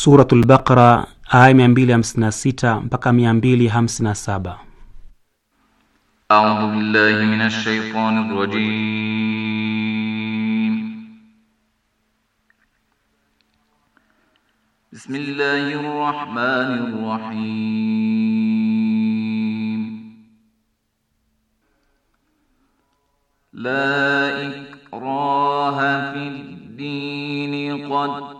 Suratul Baqara aya 256 mpaka 257. A'udhu billahi minash shaitanir rajim. Bismillahir rahmanir rahim. La ikraha fid din qad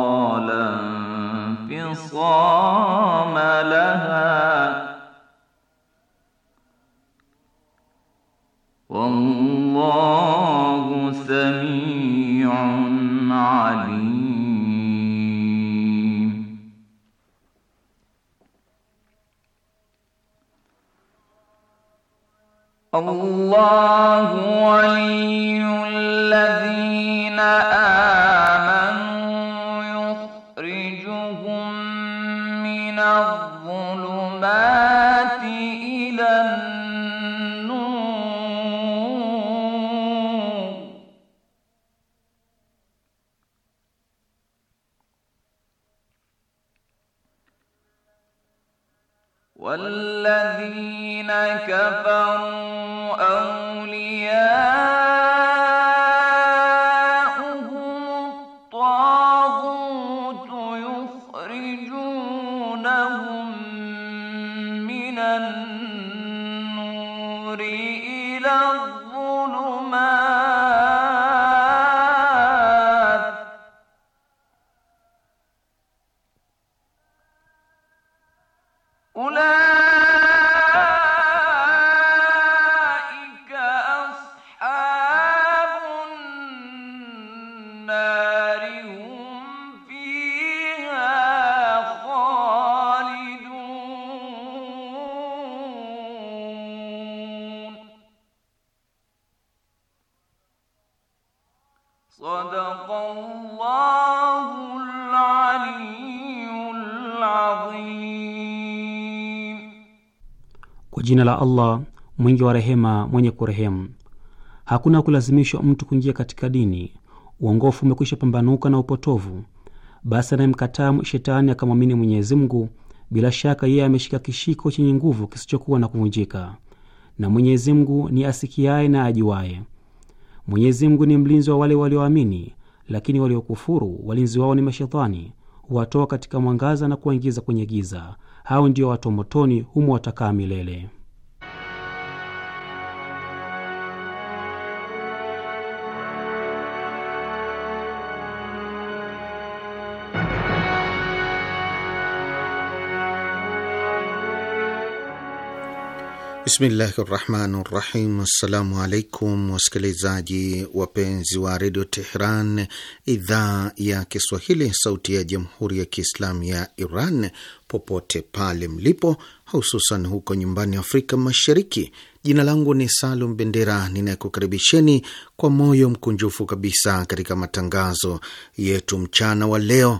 الله ولي الذي Kwa jina la Allah mwingi wa rehema, mwenye kurehemu. Hakuna kulazimishwa mtu kuingia katika dini. Uongofu umekwisha pambanuka na upotovu. Basi anayemkataa shetani akamwamini Mwenyezi Mungu, bila shaka yeye ameshika kishiko chenye nguvu kisichokuwa na kuvunjika, na Mwenyezi Mungu ni asikiaye na ajuaye. Mwenyezi Mungu ni mlinzi wa wale walioamini, lakini waliokufuru walinzi wao ni mashetani, huwatoa katika mwangaza na kuwaingiza kwenye giza hao ndio watu motoni, humo watakaa milele. Bismillahi rahmani rahim. Assalamu alaikum wasikilizaji wapenzi wa redio Tehran, idhaa ya Kiswahili, sauti ya jamhuri ya kiislamu ya Iran, popote pale mlipo, hususan huko nyumbani Afrika Mashariki. Jina langu ni Salum Bendera, ninayekukaribisheni kwa moyo mkunjufu kabisa katika matangazo yetu mchana wa leo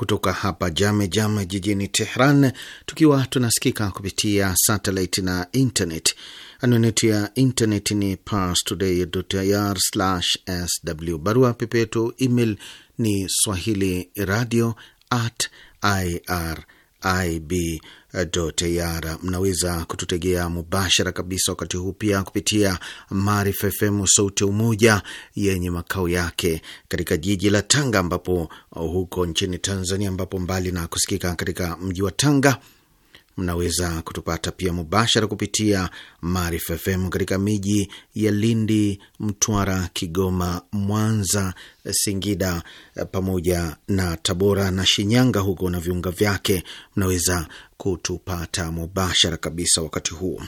kutoka hapa Jame Jame jijini Tehran, tukiwa tunasikika kupitia satellite na internet. Anwani yetu ya internet ni parstoday.ir/sw, barua yetu email ni swahili radio at irib tayara. Mnaweza kututegea mubashara kabisa wakati huu pia kupitia Maarifa FM sauti ya Umoja yenye makao yake katika jiji la Tanga, ambapo huko nchini Tanzania, ambapo mbali na kusikika katika mji wa Tanga Mnaweza kutupata pia mubashara kupitia Maarifa FM katika miji ya Lindi, Mtwara, Kigoma, Mwanza, Singida pamoja na Tabora na Shinyanga huko na viunga vyake. Mnaweza kutupata mubashara kabisa wakati huu.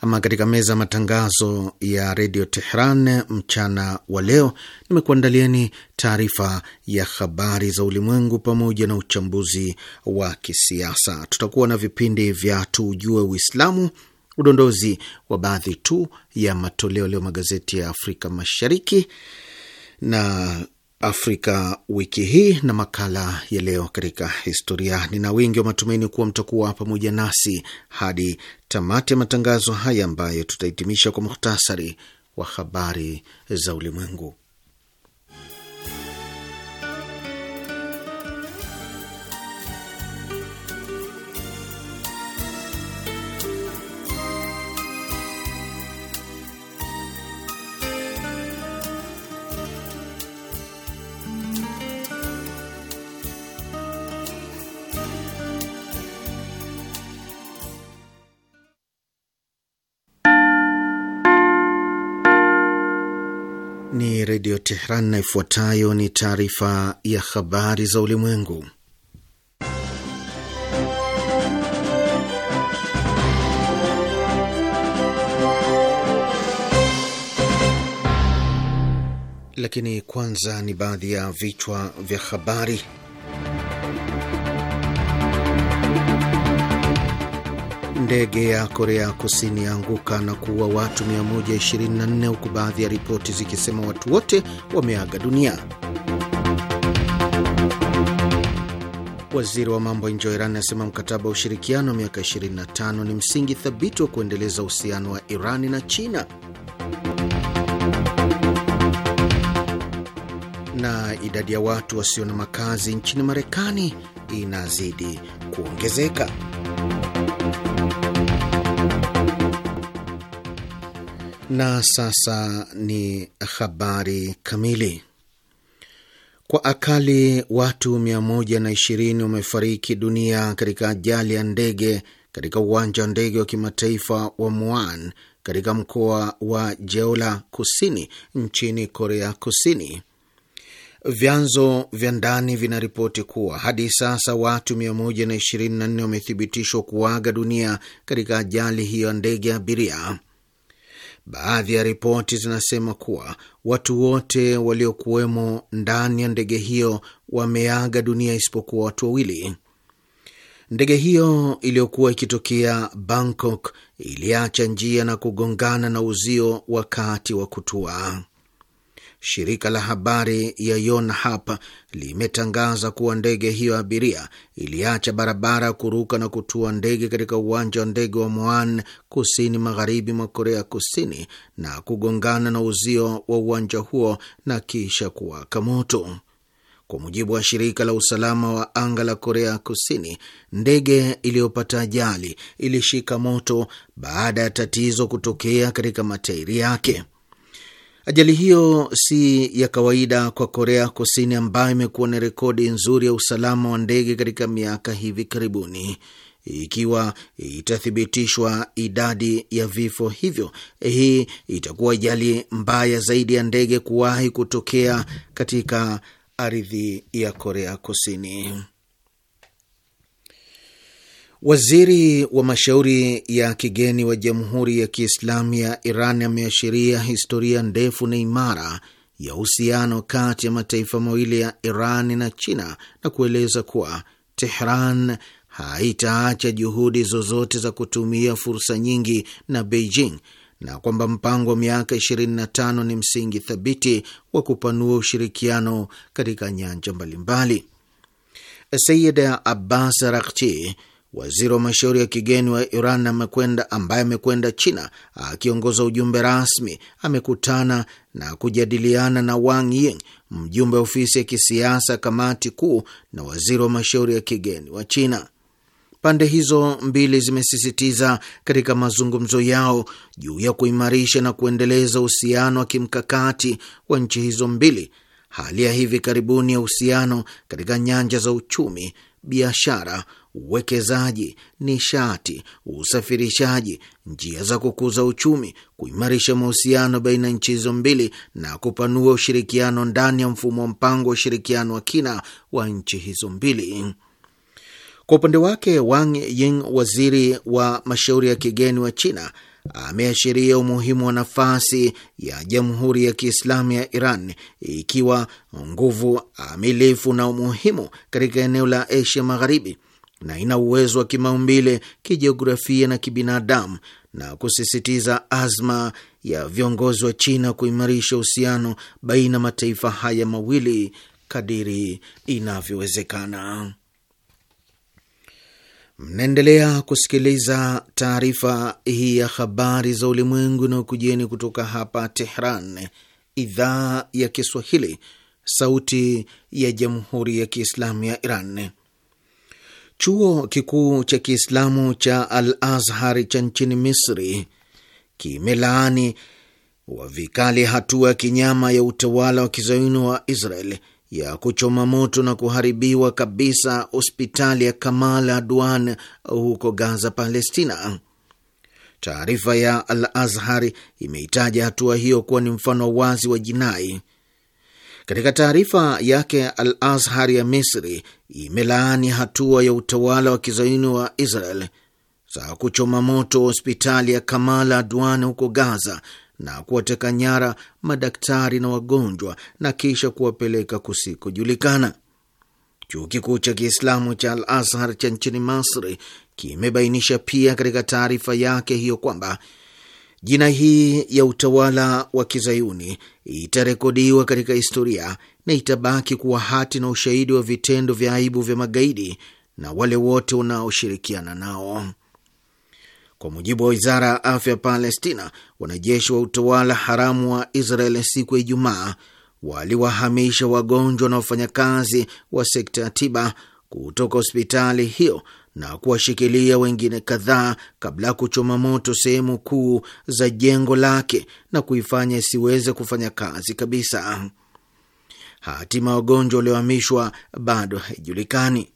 Ama katika meza ya matangazo ya redio Tehran mchana wa leo, nimekuandalieni taarifa ya habari za ulimwengu pamoja na uchambuzi wa kisiasa. Tutakuwa na vipindi vya tujue Uislamu, udondozi wa baadhi tu ya matoleo leo magazeti ya Afrika Mashariki na Afrika wiki hii na makala ya leo katika historia. Nina wingi wa matumaini kuwa mtakuwa pamoja nasi hadi tamati ya matangazo haya ambayo tutahitimisha kwa muhtasari wa habari za ulimwengu. Redio Tehran, na ifuatayo ni taarifa ya habari za ulimwengu. Lakini kwanza ni baadhi ya vichwa vya habari. Ndege ya Korea Kusini yaanguka na kuua watu 124 huku baadhi ya ripoti zikisema watu wote wameaga dunia. Waziri wa mambo ya nje wa Iran asema mkataba wa ushirikiano wa miaka 25 ni msingi thabiti wa kuendeleza uhusiano wa iran na China. Na idadi ya watu wasio na makazi nchini Marekani inazidi kuongezeka. Na sasa ni habari kamili. Kwa akali watu 120 wamefariki dunia katika ajali ya ndege katika uwanja wa ndege wa kimataifa wa Muan katika mkoa wa Jeolla kusini nchini Korea Kusini. Vyanzo vya ndani vinaripoti kuwa hadi sasa watu 124 wamethibitishwa kuaga dunia katika ajali hiyo ya ndege ya abiria. Baadhi ya ripoti zinasema kuwa watu wote waliokuwemo ndani ya ndege hiyo wameaga dunia isipokuwa watu wawili. Ndege hiyo iliyokuwa ikitokea Bangkok iliacha njia na kugongana na uzio wakati wa kutua. Shirika la habari ya Yonhap limetangaza kuwa ndege hiyo ya abiria iliacha barabara ya kuruka na kutua ndege katika uwanja wa ndege wa Muan kusini magharibi mwa Korea Kusini na kugongana na uzio wa uwanja huo na kisha kuwaka moto. Kwa mujibu wa shirika la usalama wa anga la Korea Kusini, ndege iliyopata ajali ilishika moto baada ya tatizo kutokea katika matairi yake. Ajali hiyo si ya kawaida kwa Korea Kusini, ambayo imekuwa na rekodi nzuri ya usalama wa ndege katika miaka hivi karibuni. Ikiwa itathibitishwa idadi ya vifo hivyo, hii itakuwa ajali mbaya zaidi ya ndege kuwahi kutokea katika ardhi ya Korea Kusini. Waziri wa mashauri ya kigeni wa Jamhuri ya Kiislamu ya Iran ameashiria historia ndefu na imara ya uhusiano kati ya mataifa mawili ya Iran na China na kueleza kuwa Tehran haitaacha juhudi zozote za kutumia fursa nyingi na Beijing na kwamba mpango wa miaka 25 ni msingi thabiti wa kupanua ushirikiano katika nyanja mbalimbali. Sayid Abbas Araghchi Waziri wa mashauri ya kigeni wa Iran amekwenda ambaye amekwenda China akiongoza ujumbe rasmi, amekutana na kujadiliana na Wang Yi, mjumbe wa ofisi ya kisiasa kamati kuu, na waziri wa mashauri ya kigeni wa China. Pande hizo mbili zimesisitiza katika mazungumzo yao juu ya kuimarisha na kuendeleza uhusiano wa kimkakati wa nchi hizo mbili, hali ya hivi karibuni ya uhusiano katika nyanja za uchumi, biashara uwekezaji, nishati, usafirishaji, njia za kukuza uchumi, kuimarisha mahusiano baina ya nchi hizo mbili na kupanua ushirikiano ndani ya mfumo wa mpango wa ushirikiano wa kina wa nchi hizo mbili. Kwa upande wake, Wang Ying, waziri wa mashauri ya kigeni wa China, ameashiria umuhimu wa nafasi ya Jamhuri ya Kiislamu ya Iran ikiwa nguvu amilifu na umuhimu katika eneo la Asia Magharibi na ina uwezo wa kimaumbile, kijiografia na kibinadamu, na kusisitiza azma ya viongozi wa China kuimarisha uhusiano baina mataifa haya mawili kadiri inavyowezekana. Mnaendelea kusikiliza taarifa hii ya habari za ulimwengu inayokujieni kutoka hapa Tehran, idhaa ya Kiswahili, sauti ya jamhuri ya kiislamu ya Iran. Chuo kikuu cha Kiislamu cha Al Azhar cha nchini Misri kimelaani wa vikali hatua ya kinyama ya utawala wa kizayuni wa Israel ya kuchoma moto na kuharibiwa kabisa hospitali ya Kamal Adwan huko Gaza, Palestina. Taarifa ya Al Azhar imehitaja hatua hiyo kuwa ni mfano wazi wa jinai katika taarifa yake, Al Azhar ya Misri imelaani hatua ya utawala wa kizaini wa Israel za kuchoma moto hospitali ya Kamala Adwan huko Gaza na kuwateka nyara madaktari na wagonjwa na kisha kuwapeleka kusikojulikana. Chuo kikuu cha Kiislamu cha Al Azhar cha nchini Masri kimebainisha pia katika taarifa yake hiyo kwamba Jina hii ya utawala wa kizayuni itarekodiwa katika historia na itabaki kuwa hati na ushahidi wa vitendo vya aibu vya magaidi na wale wote wanaoshirikiana nao. Kwa mujibu wa wizara ya afya ya Palestina, wanajeshi wa utawala haramu wa Israel siku ya Ijumaa waliwahamisha wagonjwa na wafanyakazi wa sekta ya tiba kutoka hospitali hiyo na kuwashikilia wengine kadhaa kabla ya kuchoma moto sehemu kuu za jengo lake na kuifanya isiweze kufanya kazi kabisa. Hatima ya wagonjwa waliohamishwa bado haijulikani.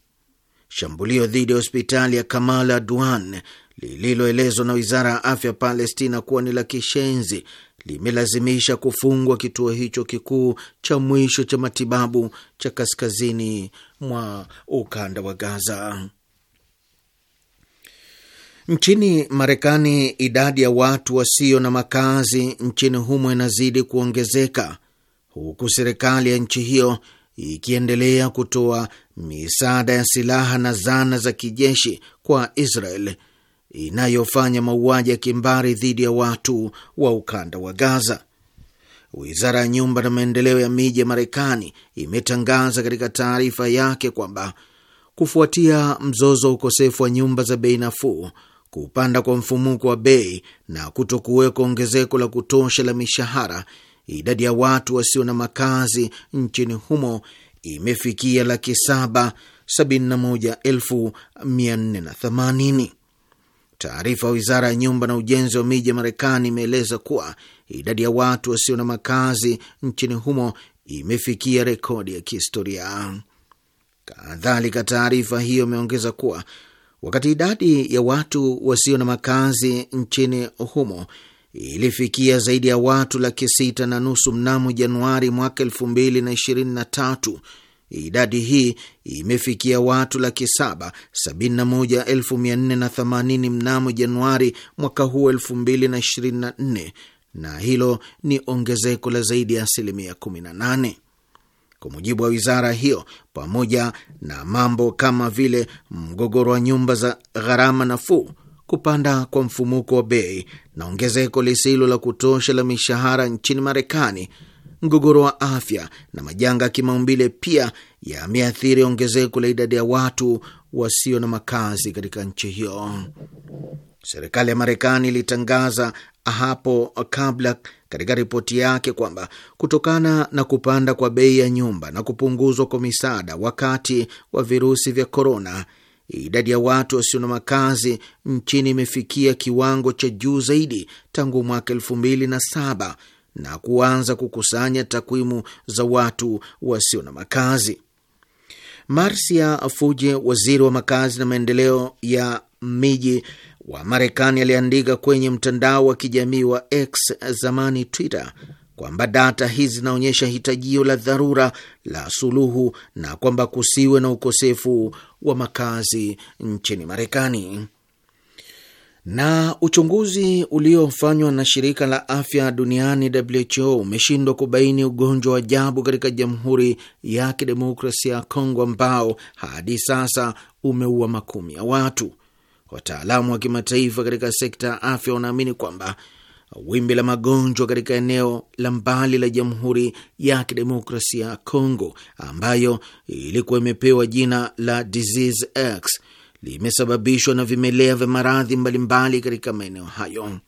Shambulio dhidi ya hospitali ya Kamal Adwan lililoelezwa na wizara ya afya Palestina kuwa ni la kishenzi limelazimisha kufungwa kituo hicho kikuu cha mwisho cha matibabu cha kaskazini mwa ukanda wa Gaza. Nchini Marekani, idadi ya watu wasio na makazi nchini humo inazidi kuongezeka huku serikali ya nchi hiyo ikiendelea kutoa misaada ya silaha na zana za kijeshi kwa Israel inayofanya mauaji ya kimbari dhidi ya watu wa ukanda wa Gaza. Wizara ya nyumba na maendeleo ya miji ya Marekani imetangaza katika taarifa yake kwamba kufuatia mzozo wa ukosefu wa nyumba za bei nafuu kupanda kwa mfumuko wa bei na kutokuweka ongezeko la kutosha la mishahara, idadi ya watu wasio na makazi nchini humo imefikia laki saba sabini na moja elfu mia nne na themanini. Taarifa ya wizara ya nyumba na ujenzi wa miji ya Marekani imeeleza kuwa idadi ya watu wasio na makazi nchini humo imefikia rekodi ya kihistoria. Kadhalika, taarifa hiyo imeongeza kuwa wakati idadi ya watu wasio na makazi nchini humo ilifikia zaidi ya watu laki sita na nusu mnamo Januari mwaka elfu mbili na ishirini na tatu. Idadi hii imefikia watu laki saba sabini na moja elfu mia nne na themanini mnamo Januari mwaka huu elfu mbili na ishirini na nne, na hilo ni ongezeko la zaidi ya asilimia kumi na nane. Kwa mujibu wa wizara hiyo, pamoja na mambo kama vile mgogoro wa nyumba za gharama nafuu, kupanda kwa mfumuko wa bei na ongezeko lisilo la kutosha la mishahara nchini Marekani, mgogoro wa afya na majanga ya kimaumbile pia yameathiri ongezeko la idadi ya watu wasio na makazi katika nchi hiyo. Serikali ya Marekani ilitangaza hapo kabla katika ripoti yake kwamba kutokana na kupanda kwa bei ya nyumba na kupunguzwa kwa misaada wakati wa virusi vya korona, idadi ya watu wasio na makazi nchini imefikia kiwango cha juu zaidi tangu mwaka elfu mbili na saba na kuanza kukusanya takwimu za watu wasio na makazi. Marcia Fuje, waziri wa makazi na maendeleo ya miji wa Marekani aliandika kwenye mtandao wa kijamii wa X zamani Twitter kwamba data hizi zinaonyesha hitajio la dharura la suluhu na kwamba kusiwe na ukosefu wa makazi nchini Marekani. Na uchunguzi uliofanywa na shirika la afya duniani WHO umeshindwa kubaini ugonjwa wa ajabu katika Jamhuri ya Kidemokrasia ya Kongo ambao hadi sasa umeua makumi ya watu. Wataalamu wa kimataifa katika sekta ya afya wanaamini kwamba wimbi la magonjwa katika eneo la mbali la Jamhuri ya Kidemokrasia ya congo ambayo ilikuwa imepewa jina la Disease X, limesababishwa na vimelea vya maradhi mbalimbali katika maeneo hayo.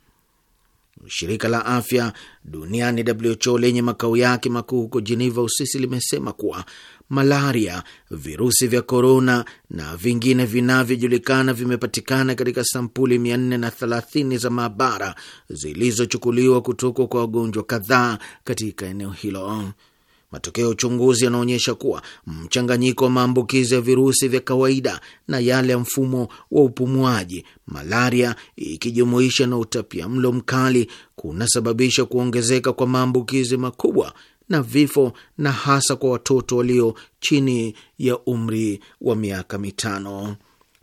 Shirika la afya duniani WHO lenye makao yake makuu huko Jeneva, Uswisi, limesema kuwa malaria, virusi vya korona na vingine vinavyojulikana vimepatikana katika sampuli 430 za maabara zilizochukuliwa kutoka kwa wagonjwa kadhaa katika eneo hilo. Matokeo ya uchunguzi yanaonyesha kuwa mchanganyiko wa maambukizi ya virusi vya kawaida na yale ya mfumo wa upumuaji, malaria ikijumuisha na utapia mlo mkali, kunasababisha kuongezeka kwa maambukizi makubwa na vifo na hasa kwa watoto walio chini ya umri wa miaka mitano.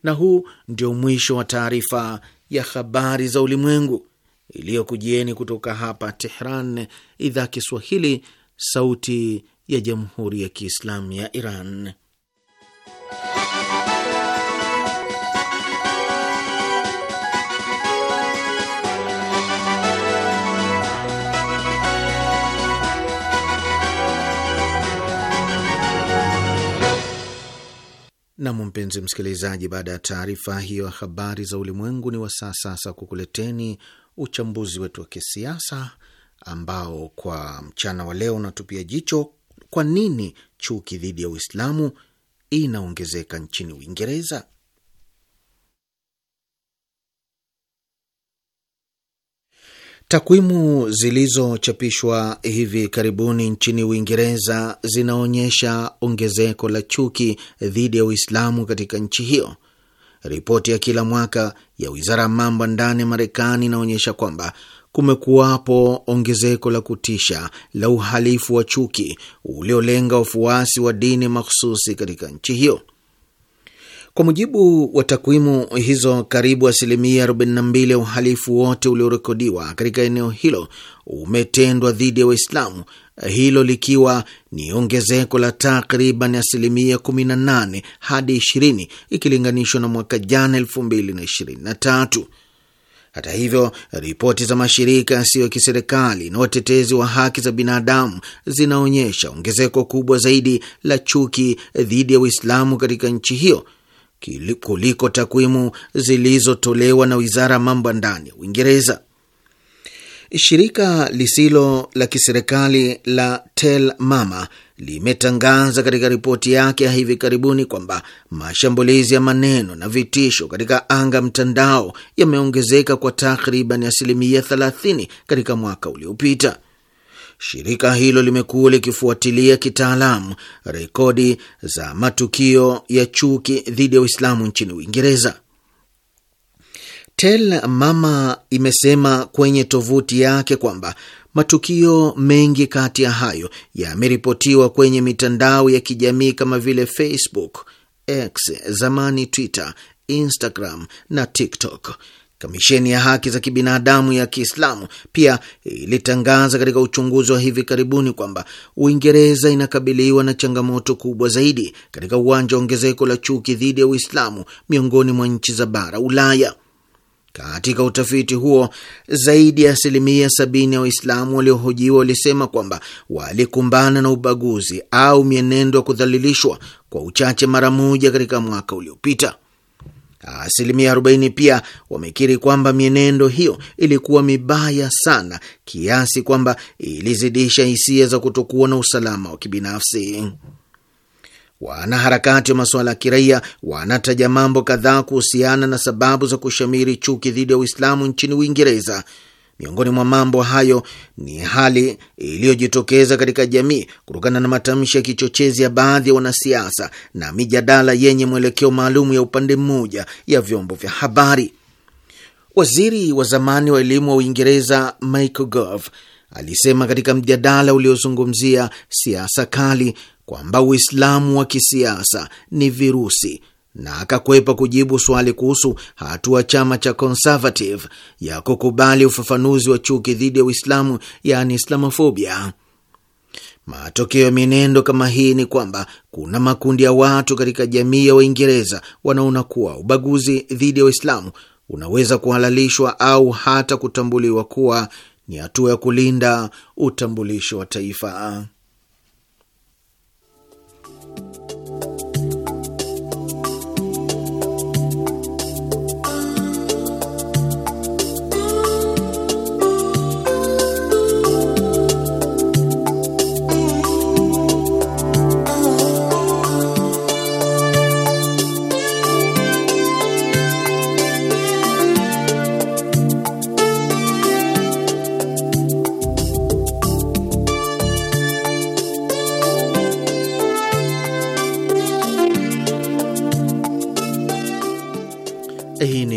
Na huu ndio mwisho wa taarifa ya habari za ulimwengu iliyokujieni kutoka hapa Tehran, idhaa Kiswahili, sauti ya Jamhuri ya Kiislamu ya Iran. Nam, mpenzi msikilizaji, baada ya taarifa hiyo ya habari za ulimwengu, ni wasaa sasa kukuleteni uchambuzi wetu wa kisiasa ambao kwa mchana wa leo unatupia jicho kwa nini chuki dhidi ya Uislamu inaongezeka nchini Uingereza. Takwimu zilizochapishwa hivi karibuni nchini Uingereza zinaonyesha ongezeko la chuki dhidi ya Uislamu katika nchi hiyo. Ripoti ya kila mwaka ya wizara ya mambo ya ndani ya Marekani inaonyesha kwamba kumekuwapo ongezeko la kutisha la uhalifu wa chuki uliolenga wafuasi wa dini makhususi katika nchi hiyo. Kwa mujibu wa takwimu hizo, karibu asilimia 42 ya uhalifu wote uliorekodiwa katika eneo hilo umetendwa dhidi ya Waislamu, hilo likiwa ni ongezeko la takriban asilimia 18 hadi 20 ikilinganishwa na mwaka jana 2023. Hata hivyo, ripoti za mashirika yasiyo ya kiserikali na watetezi wa haki za binadamu zinaonyesha ongezeko kubwa zaidi la chuki dhidi ya Uislamu katika nchi hiyo kuliko takwimu zilizotolewa na wizara ya mambo ya ndani ya Uingereza. Shirika lisilo la kiserikali la Tel Mama limetangaza katika ripoti yake ya hivi karibuni kwamba mashambulizi ya maneno na vitisho katika anga mtandao yameongezeka kwa takriban asilimia 30 katika mwaka uliopita shirika hilo limekuwa likifuatilia kitaalamu rekodi za matukio ya chuki dhidi ya Uislamu nchini Uingereza. Tel Mama imesema kwenye tovuti yake kwamba matukio mengi kati ya hayo yameripotiwa kwenye mitandao ya kijamii kama vile Facebook, X zamani Twitter, Instagram na TikTok. Kamisheni ya haki za kibinadamu ya Kiislamu pia ilitangaza katika uchunguzi wa hivi karibuni kwamba Uingereza inakabiliwa na changamoto kubwa zaidi katika uwanja wa ongezeko la chuki dhidi ya Uislamu miongoni mwa nchi za bara Ulaya. Katika utafiti huo zaidi ya asilimia sabini ya Waislamu waliohojiwa walisema kwamba walikumbana na ubaguzi au mienendo ya kudhalilishwa kwa uchache mara moja katika mwaka uliopita. Asilimia 40 pia wamekiri kwamba mienendo hiyo ilikuwa mibaya sana kiasi kwamba ilizidisha hisia za kutokuwa na usalama wa kibinafsi. Wanaharakati wa masuala ya kiraia wanataja mambo kadhaa kuhusiana na sababu za kushamiri chuki dhidi ya Uislamu nchini Uingereza Miongoni mwa mambo hayo ni hali iliyojitokeza katika jamii kutokana na matamshi ya kichochezi ya baadhi ya wanasiasa na mijadala yenye mwelekeo maalum ya upande mmoja ya vyombo vya habari. Waziri wa zamani wa elimu wa Uingereza Michael Gove alisema katika mjadala uliozungumzia siasa kali kwamba Uislamu wa kisiasa ni virusi na akakwepa kujibu swali kuhusu hatua chama cha Conservative ya kukubali ufafanuzi wa chuki dhidi ya Uislamu, yaani Islamofobia. Matokeo ya mienendo kama hii ni kwamba kuna makundi ya watu katika jamii ya Waingereza wanaona kuwa ubaguzi dhidi ya Waislamu unaweza kuhalalishwa au hata kutambuliwa kuwa ni hatua ya kulinda utambulisho wa taifa.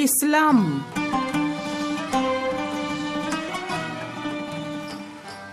Uislamu.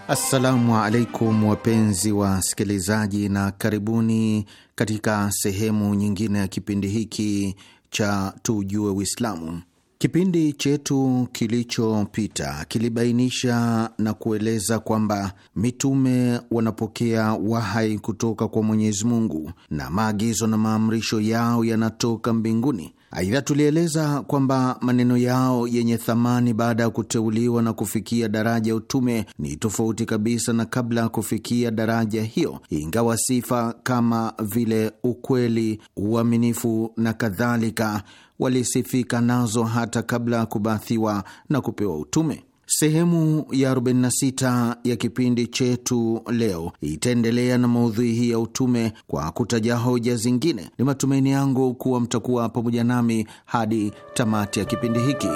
Assalamu alaikum wapenzi wa sikilizaji, na karibuni katika sehemu nyingine ya kipindi hiki cha tujue Uislamu. Kipindi chetu kilichopita kilibainisha na kueleza kwamba mitume wanapokea wahai kutoka kwa Mwenyezi Mungu na maagizo na maamrisho yao yanatoka mbinguni Aidha, tulieleza kwamba maneno yao yenye thamani baada ya kuteuliwa na kufikia daraja ya utume ni tofauti kabisa na kabla ya kufikia daraja hiyo, ingawa sifa kama vile ukweli, uaminifu na kadhalika walisifika nazo hata kabla ya kubathiwa na kupewa utume. Sehemu ya 46 ya kipindi chetu leo itaendelea na maudhui hii ya utume kwa kutaja hoja zingine. Ni matumaini yangu kuwa mtakuwa pamoja nami hadi tamati ya kipindi hiki.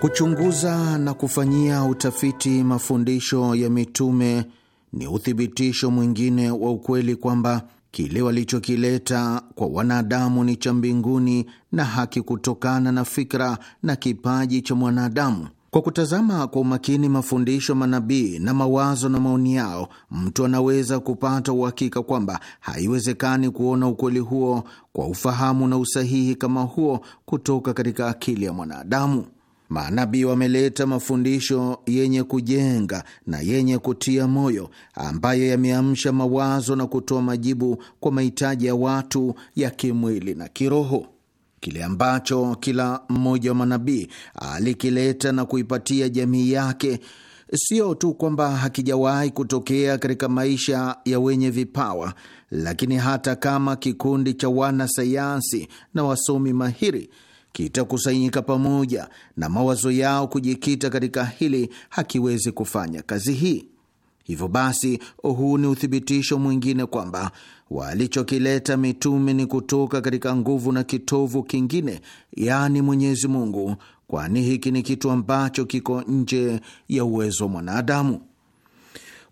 Kuchunguza na kufanyia utafiti mafundisho ya mitume ni uthibitisho mwingine wa ukweli kwamba Kile walichokileta kwa wanadamu ni cha mbinguni na haki kutokana na fikra na kipaji cha mwanadamu. Kwa kutazama kwa umakini mafundisho manabii na mawazo na maoni yao, mtu anaweza kupata uhakika kwamba haiwezekani kuona ukweli huo kwa ufahamu na usahihi kama huo kutoka katika akili ya mwanadamu. Manabii wameleta mafundisho yenye kujenga na yenye kutia moyo ambayo yameamsha mawazo na kutoa majibu kwa mahitaji ya watu ya kimwili na kiroho. Kile ambacho kila mmoja wa manabii alikileta na kuipatia jamii yake, sio tu kwamba hakijawahi kutokea katika maisha ya wenye vipawa, lakini hata kama kikundi cha wanasayansi na wasomi mahiri kitakusanyika pamoja na mawazo yao kujikita katika hili hakiwezi kufanya kazi hii. Hivyo basi, huu ni uthibitisho mwingine kwamba walichokileta mitume ni kutoka katika nguvu na kitovu kingine, yaani Mwenyezi Mungu, kwani hiki ni kitu ambacho kiko nje ya uwezo wa mwanadamu.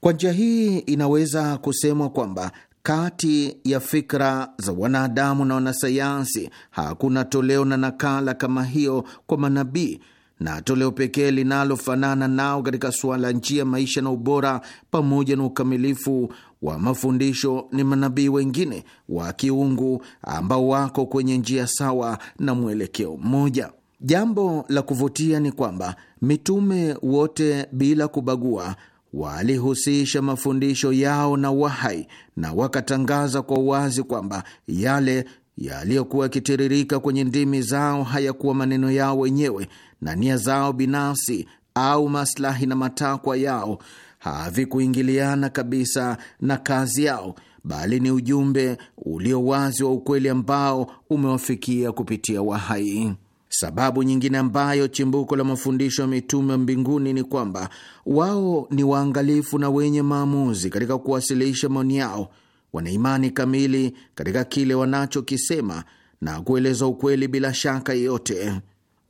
Kwa njia hii inaweza kusemwa kwamba kati ya fikra za wanadamu na wanasayansi hakuna toleo na nakala kama hiyo kwa manabii na toleo pekee linalofanana nao katika suala njia maisha na ubora pamoja na ukamilifu wa mafundisho ni manabii wengine wa kiungu ambao wako kwenye njia sawa na mwelekeo mmoja. Jambo la kuvutia ni kwamba mitume wote bila kubagua walihusisha mafundisho yao na wahai na wakatangaza kwa uwazi kwamba yale yaliyokuwa yakitiririka kwenye ndimi zao hayakuwa maneno yao wenyewe na nia zao binafsi au maslahi na matakwa yao havikuingiliana kabisa na kazi yao, bali ni ujumbe ulio wazi wa ukweli ambao umewafikia kupitia wahai. Sababu nyingine ambayo chimbuko la mafundisho ya mitume wa mbinguni ni kwamba wao ni waangalifu na wenye maamuzi katika kuwasilisha maoni yao. Wana imani kamili katika kile wanachokisema na kueleza ukweli bila shaka yoyote.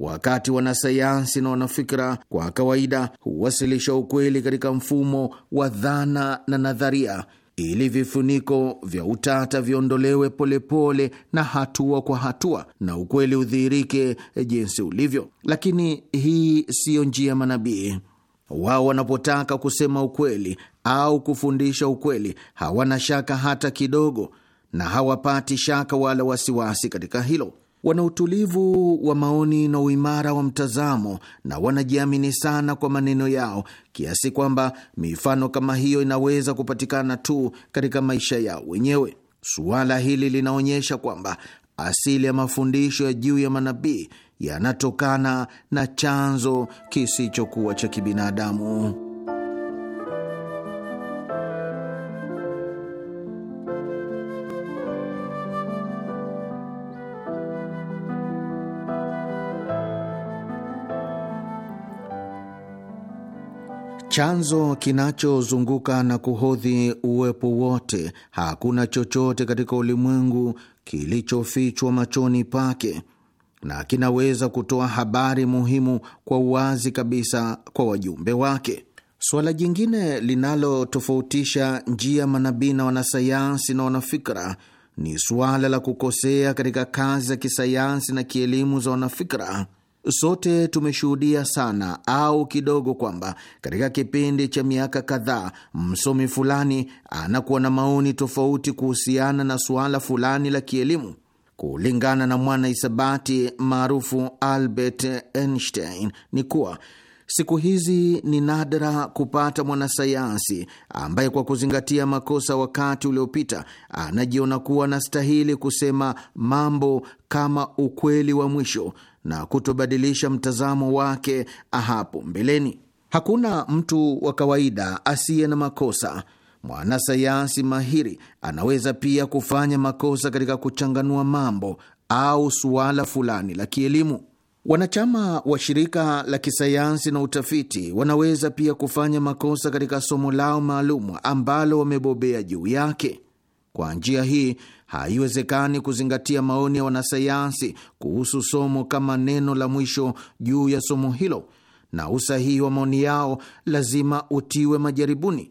Wakati wanasayansi na wanafikira kwa kawaida huwasilisha ukweli katika mfumo wa dhana na nadharia ili vifuniko vya utata viondolewe polepole na hatua kwa hatua, na ukweli udhihirike jinsi ulivyo. Lakini hii siyo njia manabii. Wao wanapotaka kusema ukweli au kufundisha ukweli, hawana shaka hata kidogo, na hawapati shaka wala wasiwasi katika hilo wana utulivu wa maoni na uimara wa mtazamo na wanajiamini sana kwa maneno yao kiasi kwamba mifano kama hiyo inaweza kupatikana tu katika maisha yao wenyewe. Suala hili linaonyesha kwamba asili ya mafundisho ya juu ya manabii yanatokana na chanzo kisichokuwa cha kibinadamu. chanzo kinachozunguka na kuhodhi uwepo wote. Hakuna chochote katika ulimwengu kilichofichwa machoni pake, na kinaweza kutoa habari muhimu kwa uwazi kabisa kwa wajumbe wake. Suala jingine linalotofautisha njia manabii na wanasayansi na wanafikra ni suala la kukosea katika kazi za kisayansi na kielimu za wanafikra. Sote tumeshuhudia sana au kidogo kwamba katika kipindi cha miaka kadhaa msomi fulani anakuwa na maoni tofauti kuhusiana na suala fulani la kielimu. Kulingana na mwana maarufu Albert Einstein ni kuwa siku hizi ni nadra kupata mwanasayansi ambaye kwa kuzingatia makosa wakati uliopita anajiona kuwa anastahili kusema mambo kama ukweli wa mwisho na kutobadilisha mtazamo wake hapo mbeleni. Hakuna mtu wa kawaida asiye na makosa. Mwanasayansi mahiri anaweza pia kufanya makosa katika kuchanganua mambo au suala fulani la kielimu. Wanachama wa shirika la kisayansi na utafiti wanaweza pia kufanya makosa katika somo lao maalum ambalo wamebobea juu yake. Kwa njia hii haiwezekani kuzingatia maoni ya wanasayansi kuhusu somo kama neno la mwisho juu ya somo hilo, na usahihi wa maoni yao lazima utiwe majaribuni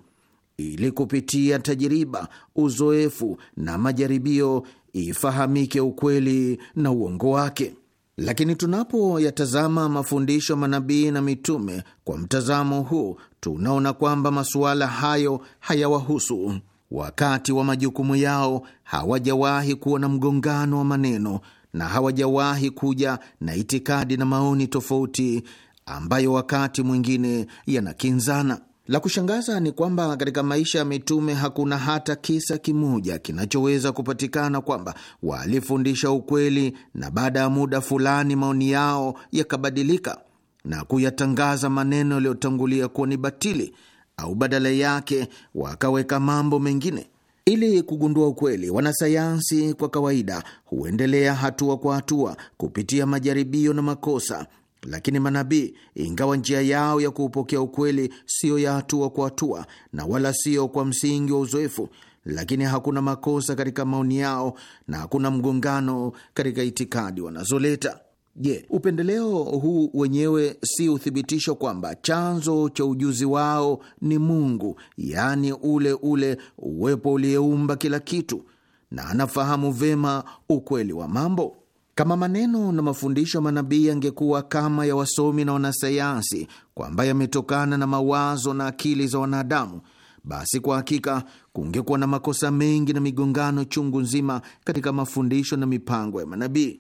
ili kupitia tajiriba, uzoefu na majaribio ifahamike ukweli na uongo wake. Lakini tunapoyatazama mafundisho manabii na mitume kwa mtazamo huu, tunaona kwamba masuala hayo hayawahusu wakati wa majukumu yao hawajawahi kuwa na mgongano wa maneno na hawajawahi kuja na itikadi na maoni tofauti ambayo wakati mwingine yanakinzana. La kushangaza ni kwamba katika maisha ya mitume hakuna hata kisa kimoja kinachoweza kupatikana kwamba walifundisha ukweli na baada ya muda fulani maoni yao yakabadilika na kuyatangaza maneno yaliyotangulia kuwa ni batili au badala yake wakaweka mambo mengine. Ili kugundua ukweli, wanasayansi kwa kawaida huendelea hatua kwa hatua kupitia majaribio na makosa, lakini manabii, ingawa njia yao ya kuupokea ukweli siyo ya hatua kwa hatua na wala siyo kwa msingi wa uzoefu, lakini hakuna makosa katika maoni yao na hakuna mgongano katika itikadi wanazoleta. Je, upendeleo huu wenyewe si uthibitisho kwamba chanzo cha ujuzi wao ni Mungu, yaani ule ule uwepo uliyeumba kila kitu na anafahamu vema ukweli wa mambo? Kama maneno na mafundisho ya manabii yangekuwa kama ya wasomi na wanasayansi, kwamba yametokana na mawazo na akili za wanadamu, basi kwa hakika kungekuwa na makosa mengi na migongano chungu nzima katika mafundisho na mipango ya manabii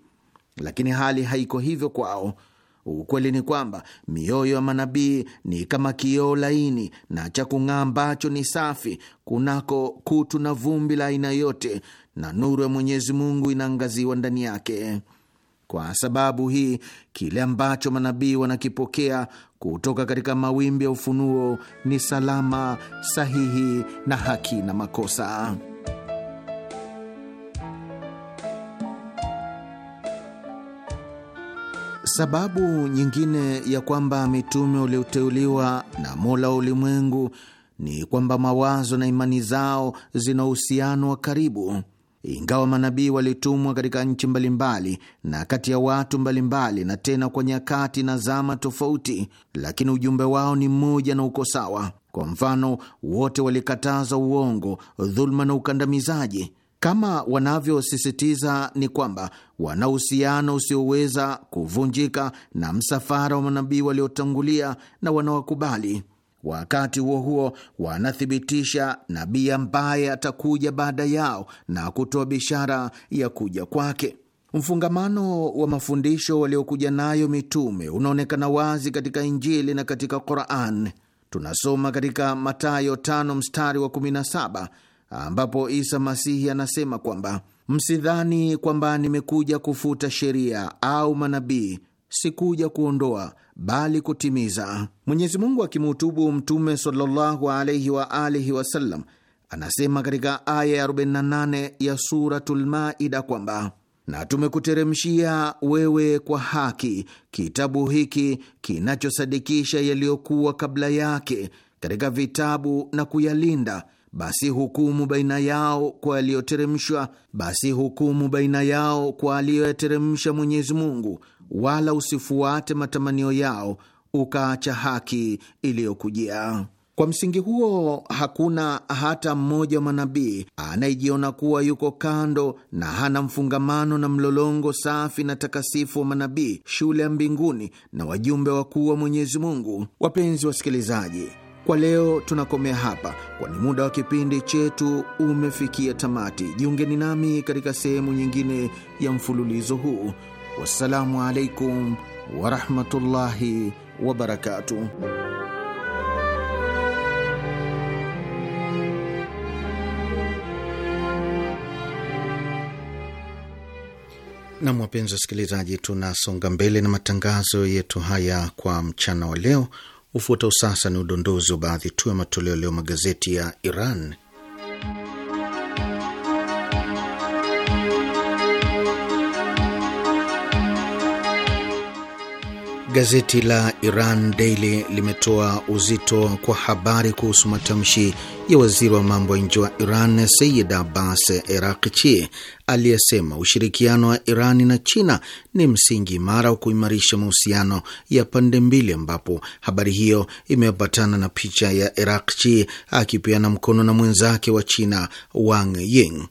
lakini hali haiko hivyo kwao. Ukweli ni kwamba mioyo ya manabii ni kama kioo laini na cha kung'aa ambacho ni safi kunako kutu na vumbi la aina yote, na nuru ya Mwenyezi Mungu inaangaziwa ndani yake. Kwa sababu hii, kile ambacho manabii wanakipokea kutoka katika mawimbi ya ufunuo ni salama, sahihi na haki na makosa. Sababu nyingine ya kwamba mitume walioteuliwa na Mola wa ulimwengu ni kwamba mawazo na imani zao zina uhusiano wa karibu. Ingawa manabii walitumwa katika nchi mbalimbali na kati ya watu mbalimbali, na tena kwa nyakati na zama tofauti, lakini ujumbe wao ni mmoja na uko sawa. Kwa mfano, wote walikataza uongo, dhuluma na ukandamizaji kama wanavyosisitiza ni kwamba wana uhusiano usioweza kuvunjika na msafara wa manabii waliotangulia na wanawakubali. Wakati huo huo, wanathibitisha nabii ambaye atakuja baada yao na kutoa bishara ya kuja kwake. Mfungamano wa mafundisho waliokuja nayo mitume unaonekana wazi katika Injili na katika Quran. Tunasoma katika matayo 5 mstari wa 17 ambapo Isa Masihi anasema kwamba msidhani kwamba nimekuja kufuta sheria au manabii, sikuja kuondoa bali kutimiza. Mwenyezi Mungu Mtume sallallahu alaihi wa alihi wasallam anasema katika aya ya 48 ya Suratul Maida kwamba na tumekuteremshia wewe kwa haki kitabu hiki kinachosadikisha yaliyokuwa kabla yake katika vitabu na kuyalinda basi hukumu baina yao kwa aliyoteremshwa, basi hukumu baina yao kwa aliyoyateremsha Mwenyezi Mungu, wala usifuate matamanio yao ukaacha haki iliyokujia. Kwa msingi huo hakuna hata mmoja wa manabii anayejiona kuwa yuko kando na hana mfungamano na mlolongo safi na takasifu wa manabii, shule ya mbinguni na wajumbe wakuu wa Mwenyezi Mungu. Wapenzi wasikilizaji kwa leo tunakomea hapa, kwani muda wa kipindi chetu umefikia tamati. Jiungeni nami katika sehemu nyingine ya mfululizo huu. Wassalamu alaikum warahmatullahi wabarakatuh. Nam, wapenzi wasikilizaji, tunasonga mbele na matangazo yetu haya kwa mchana wa leo Ufuatao sasa ni udondozi wa baadhi tu ya matoleo leo magazeti ya Iran Gazeti la Iran Daily limetoa uzito kwa habari kuhusu matamshi ya waziri wa mambo ya nje wa Iran sayid Abbas Erakchi aliyesema ushirikiano wa Iran na China ni msingi imara wa kuimarisha mahusiano ya pande mbili, ambapo habari hiyo imepatana na picha ya Erakchi akipeana mkono na mwenzake wa China Wang ying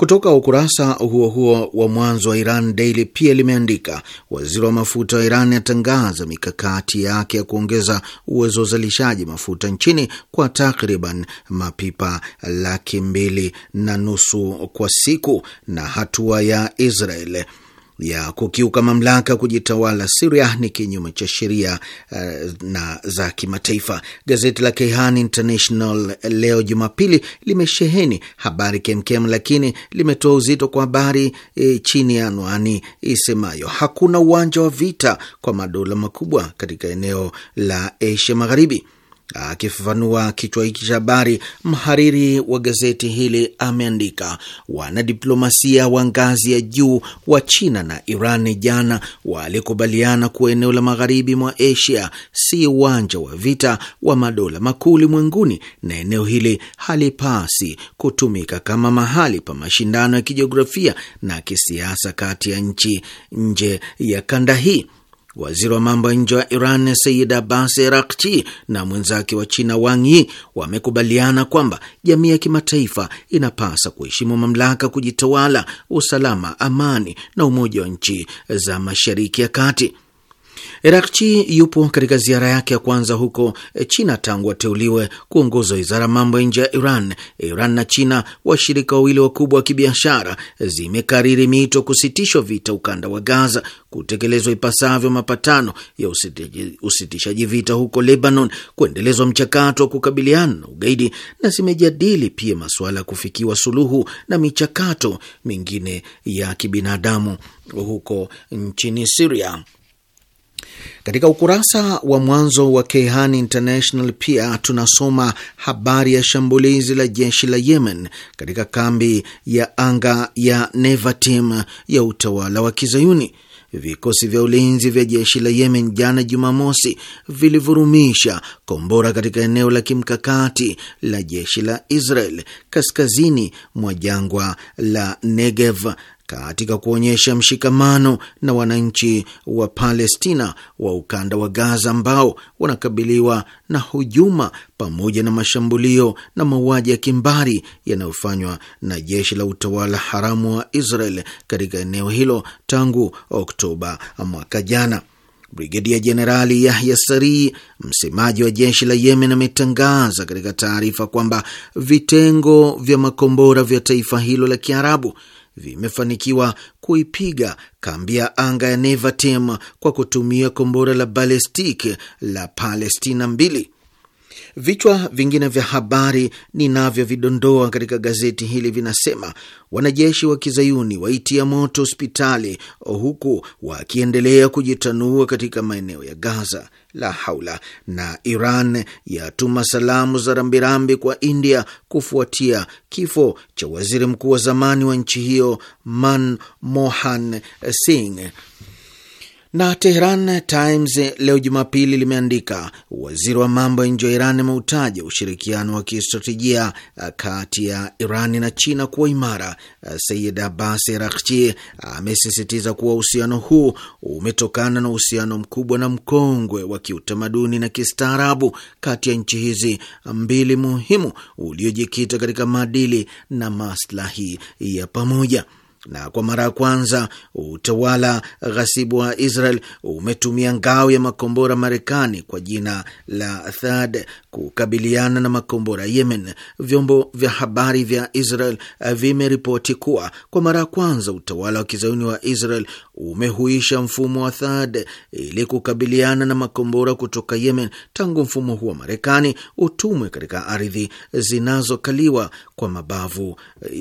kutoka ukurasa huo huo wa mwanzo wa Iran Daily pia limeandika waziri wa mafuta wa Iran atangaza mikakati yake ya kuongeza uwezo wa uzalishaji mafuta nchini kwa takriban mapipa laki mbili na nusu kwa siku na hatua ya Israel ya kukiuka mamlaka kujitawala Siria ni kinyume cha sheria uh, na za kimataifa. Gazeti la Kayhan International leo Jumapili limesheheni habari kemkem, lakini limetoa uzito kwa habari e, chini ya anwani isemayo hakuna uwanja wa vita kwa madola makubwa katika eneo la Asia Magharibi. Akifafanua kichwa hiki cha habari, mhariri wa gazeti hili ameandika, wanadiplomasia wa ngazi ya juu wa China na Iran jana walikubaliana kuwa eneo la magharibi mwa Asia si uwanja wa vita wa madola makuu ulimwenguni, na eneo hili halipasi kutumika kama mahali pa mashindano ya kijiografia na kisiasa kati ya nchi nje ya kanda hii. Waziri wa mambo ya nje wa Iran Said Abbas Erakchi na mwenzake wa China Wang Yi wamekubaliana kwamba jamii ya kimataifa inapasa kuheshimu mamlaka, kujitawala, usalama, amani na umoja wa nchi za Mashariki ya Kati. Rakchi yupo katika ziara yake ya kwanza huko China tangu ateuliwe kuongoza wizara ya mambo ya nje ya Iran. Iran na China, washirika wawili wakubwa wa kibiashara, zimekariri miito kusitishwa vita ukanda wa Gaza, kutekelezwa ipasavyo mapatano ya usitishaji vita huko Lebanon, kuendelezwa mchakato wa kukabiliana na ugaidi, na zimejadili pia masuala ya kufikiwa suluhu na michakato mingine ya kibinadamu huko nchini Siria. Katika ukurasa wa mwanzo wa Kehan International pia tunasoma habari ya shambulizi la jeshi la Yemen katika kambi ya anga ya Nevatim ya utawala wa Kizayuni. Vikosi vya ulinzi vya jeshi la Yemen jana Jumamosi vilivurumisha kombora katika eneo la kimkakati la jeshi la Israel kaskazini mwa jangwa la Negev katika kuonyesha mshikamano na wananchi wa Palestina wa ukanda wa Gaza ambao wanakabiliwa na hujuma pamoja na mashambulio na mauaji ya kimbari yanayofanywa na jeshi la utawala haramu wa Israel katika eneo hilo tangu Oktoba mwaka jana. Brigedia Jenerali Yahya Sari, msemaji wa jeshi la Yemen, ametangaza katika taarifa kwamba vitengo vya makombora vya taifa hilo la Kiarabu vimefanikiwa kuipiga kambi ya anga ya Nevatim kwa kutumia kombora la balestik la Palestina mbili Vichwa vingine vya habari ninavyovidondoa katika gazeti hili vinasema: wanajeshi wa kizayuni waitia moto hospitali huku wakiendelea kujitanua katika maeneo ya Gaza, la haula, na Iran yatuma salamu za rambirambi kwa India kufuatia kifo cha waziri mkuu wa zamani wa nchi hiyo Manmohan Singh na Tehran Times leo Jumapili limeandika waziri wa mambo ya nje wa Iran ameutaja ushirikiano wa kistratejia eh, kati ya Iran na China kuwa imara. Eh, Sayid Abbas Rakchi amesisitiza kuwa uhusiano huu umetokana na uhusiano mkubwa na mkongwe wa kiutamaduni na kistaarabu kati ya nchi hizi mbili muhimu uliojikita katika maadili na maslahi ya pamoja na kwa mara ya kwanza utawala ghasibu wa Israel umetumia ngao ya makombora Marekani kwa jina la Thad kukabiliana na makombora Yemen. Vyombo vya habari vya Israel vimeripoti kuwa kwa mara ya kwanza utawala wa kizayuni wa Israel umehuisha mfumo wa Thad ili kukabiliana na makombora kutoka Yemen tangu mfumo huo wa Marekani utumwe katika ardhi zinazokaliwa kwa mabavu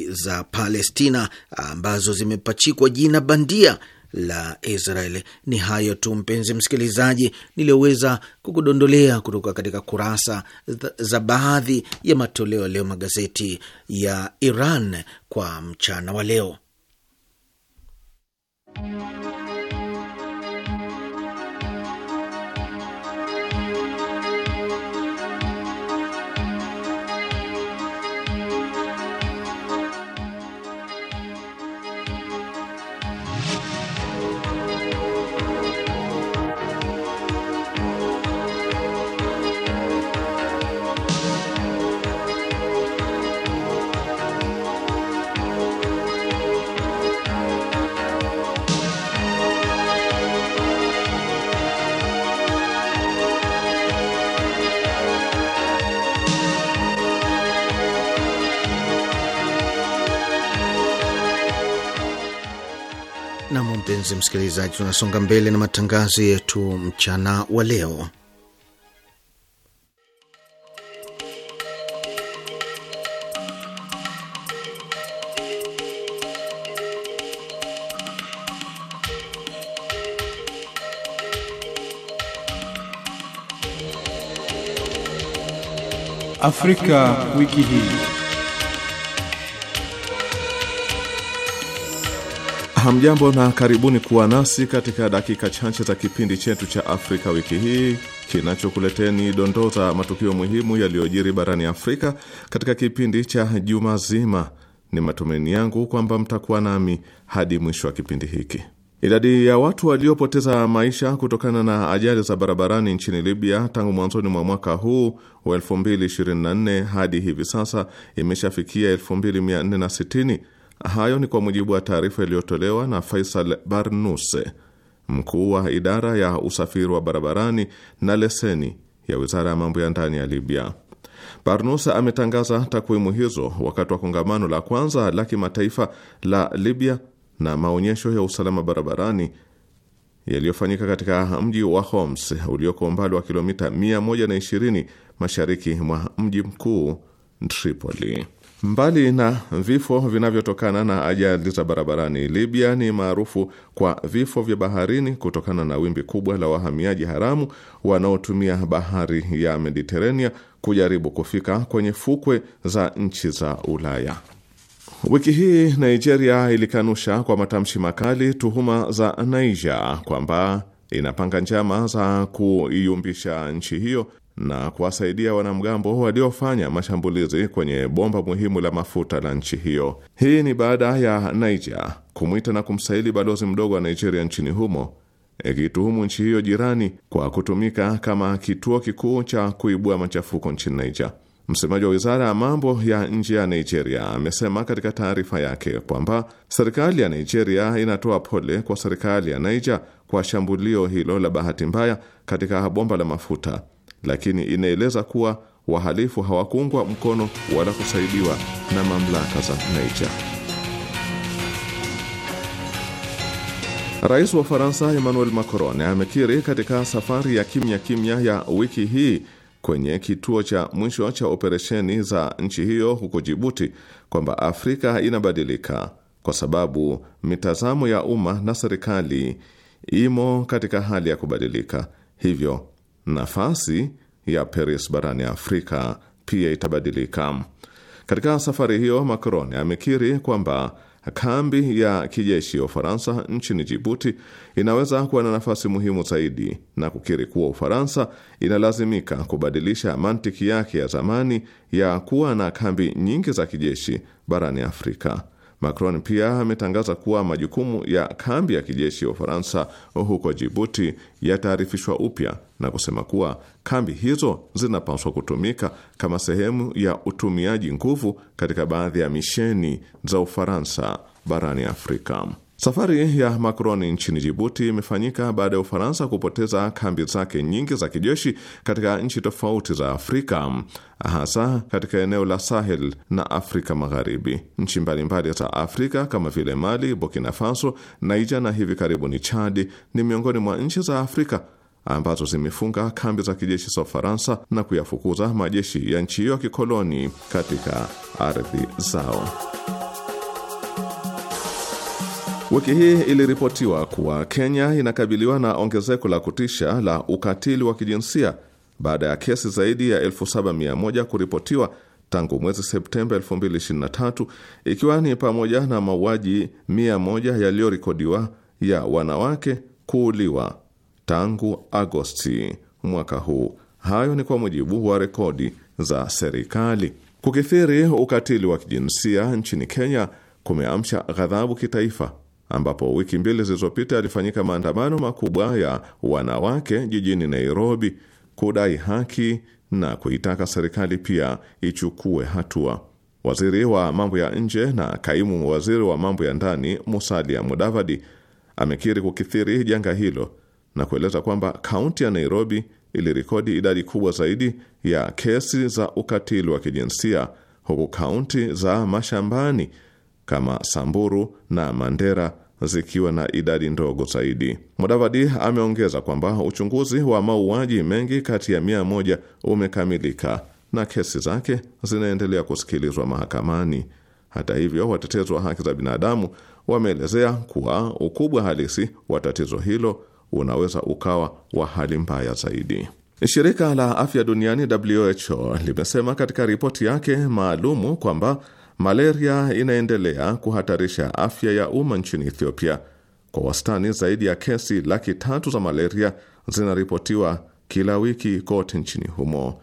za Palestina amba ambazo zimepachikwa jina bandia la Israel. Ni hayo tu mpenzi msikilizaji, niliyoweza kukudondolea kutoka katika kurasa za baadhi ya matoleo leo magazeti ya Iran kwa mchana wa leo. Mpenzi msikilizaji, tunasonga mbele na matangazo yetu mchana wa leo. Afrika wiki hii. Hamjambo na karibuni kuwa nasi katika dakika chache za kipindi chetu cha Afrika wiki hii kinachokuleteni dondoo za matukio muhimu yaliyojiri barani Afrika katika kipindi cha juma zima. Ni matumaini yangu kwamba mtakuwa nami hadi mwisho wa kipindi hiki. Idadi ya watu waliopoteza maisha kutokana na ajali za barabarani nchini Libya tangu mwanzoni mwa mwaka huu wa 2024 hadi hivi sasa imeshafikia 2460 Hayo ni kwa mujibu wa taarifa iliyotolewa na Faisal Barnuse, mkuu wa idara ya usafiri wa barabarani na leseni ya wizara ya mambo ya ndani ya Libya. barnuse ametangaza takwimu hizo wakati wa kongamano la kwanza la kimataifa la Libya na maonyesho ya usalama barabarani yaliyofanyika katika mji wa Homs ulioko umbali wa kilomita 120 mashariki mwa mji mkuu Tripoli. Mbali na vifo vinavyotokana na ajali za barabarani, Libya ni maarufu kwa vifo vya baharini kutokana na wimbi kubwa la wahamiaji haramu wanaotumia bahari ya Mediterania kujaribu kufika kwenye fukwe za nchi za Ulaya. Wiki hii Nigeria ilikanusha kwa matamshi makali tuhuma za Niger kwamba inapanga njama za kuiumbisha nchi hiyo na kuwasaidia wanamgambo waliofanya mashambulizi kwenye bomba muhimu la mafuta la nchi hiyo. Hii ni baada ya Niger kumwita na kumsaili balozi mdogo wa Nigeria nchini humo ikituhumu nchi hiyo jirani kwa kutumika kama kituo kikuu cha kuibua machafuko nchini Niger. Msemaji wa wizara ya mambo ya nje ya Nigeria amesema katika taarifa yake kwamba serikali ya Nigeria inatoa pole kwa serikali ya Niger kwa shambulio hilo la bahati mbaya katika bomba la mafuta lakini inaeleza kuwa wahalifu hawakuungwa mkono wala kusaidiwa na mamlaka za Niger. Rais wa Faransa Emmanuel Macron amekiri katika safari ya kimya kimya ya wiki hii kwenye kituo cha mwisho cha operesheni za nchi hiyo huko Jibuti kwamba Afrika inabadilika kwa sababu mitazamo ya umma na serikali imo katika hali ya kubadilika, hivyo nafasi ya Paris barani Afrika pia itabadilika. Katika safari hiyo, Macron amekiri kwamba kambi ya kijeshi ya Ufaransa nchini Jibuti inaweza kuwa na nafasi muhimu zaidi na kukiri kuwa Ufaransa inalazimika kubadilisha mantiki yake ya zamani ya kuwa na kambi nyingi za kijeshi barani Afrika. Macron pia ametangaza kuwa majukumu ya kambi ya kijeshi ya Ufaransa huko Jibuti yataarifishwa upya na kusema kuwa kambi hizo zinapaswa kutumika kama sehemu ya utumiaji nguvu katika baadhi ya misheni za Ufaransa barani Afrika. Safari ya Macron nchini Jibuti imefanyika baada ya Ufaransa kupoteza kambi zake nyingi za kijeshi katika nchi tofauti za Afrika, hasa katika eneo la Sahel na Afrika Magharibi. Nchi mbalimbali za Afrika kama vile Mali, Burkina Faso, Niger na hivi karibuni Chadi ni miongoni mwa nchi za Afrika ambazo zimefunga kambi za kijeshi za Ufaransa na kuyafukuza majeshi ya nchi hiyo ya kikoloni katika ardhi zao. Wiki hii iliripotiwa kuwa Kenya inakabiliwa na ongezeko la kutisha la ukatili wa kijinsia baada ya kesi zaidi ya 7100 kuripotiwa tangu mwezi Septemba 2023 ikiwa ni pamoja na mauaji 100 yaliyorekodiwa ya wanawake kuuliwa tangu Agosti mwaka huu. Hayo ni kwa mujibu wa rekodi za serikali. Kukithiri ukatili wa kijinsia nchini Kenya kumeamsha ghadhabu kitaifa ambapo wiki mbili zilizopita yalifanyika maandamano makubwa ya wanawake jijini Nairobi kudai haki na kuitaka serikali pia ichukue hatua. Waziri wa mambo ya nje na kaimu waziri wa mambo ya ndani Musalia Mudavadi amekiri kukithiri janga hilo na kueleza kwamba kaunti ya Nairobi ilirekodi idadi kubwa zaidi ya kesi za ukatili wa kijinsia huku kaunti za mashambani kama Samburu na Mandera zikiwa na idadi ndogo zaidi. Mudavadi ameongeza kwamba uchunguzi wa mauaji mengi kati ya mia moja umekamilika na kesi zake zinaendelea kusikilizwa mahakamani. Hata hivyo, watetezi wa haki za binadamu wameelezea kuwa ukubwa halisi wa tatizo hilo unaweza ukawa wa hali mbaya zaidi. Shirika la Afya Duniani WHO limesema katika ripoti yake maalumu kwamba malaria inaendelea kuhatarisha afya ya umma nchini Ethiopia. Kwa wastani zaidi ya kesi laki tatu za malaria zinaripotiwa kila wiki kote nchini humo.